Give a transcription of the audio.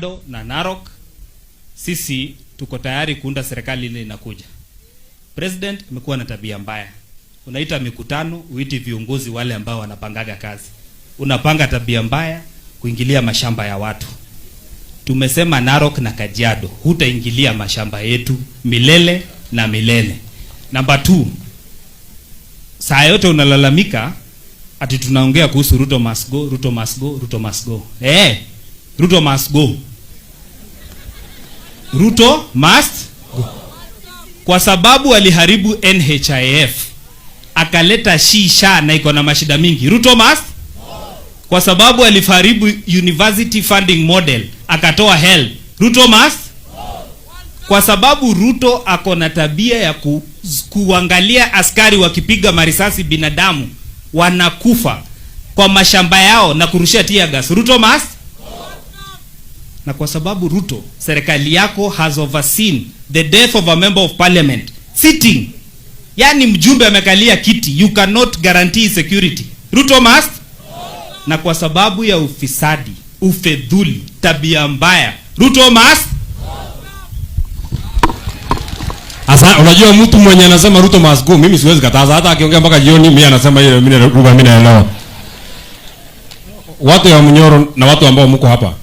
Kajiado na Narok, sisi tuko tayari kuunda serikali ile inakuja. President amekuwa na tabia mbaya, unaita mikutano, uiti viongozi wale ambao wanapangaga kazi, unapanga tabia mbaya kuingilia mashamba ya watu. Tumesema Narok na Kajiado, hutaingilia mashamba yetu milele na milele. Namba 2, saa yote unalalamika ati tunaongea kuhusu Ruto must go, Ruto must go, Ruto must go. Eh, Ruto must go. Ruto must go. Kwa sababu aliharibu NHIF akaleta shisha na iko na mashida mingi. Ruto must go. Kwa sababu aliharibu university funding model akatoa hell. Ruto must Kwa sababu Ruto ako na tabia ya ku, kuangalia askari wakipiga marisasi binadamu wanakufa kwa mashamba yao na kurushia tear gas. Ruto must na kwa sababu Ruto, serikali yako has overseen the death of a member of parliament sitting, yani mjumbe amekalia kiti, you cannot guarantee security. Ruto must. Na kwa sababu ya ufisadi, ufedhuli, tabia mbaya, Ruto must. Asa, unajua mtu mwenye anasema Ruto must go, mimi siwezi kataza, hata akiongea mpaka jioni, mimi anasema hiyo, mimi naelewa. Watu wa Munyoro na watu ambao mko hapa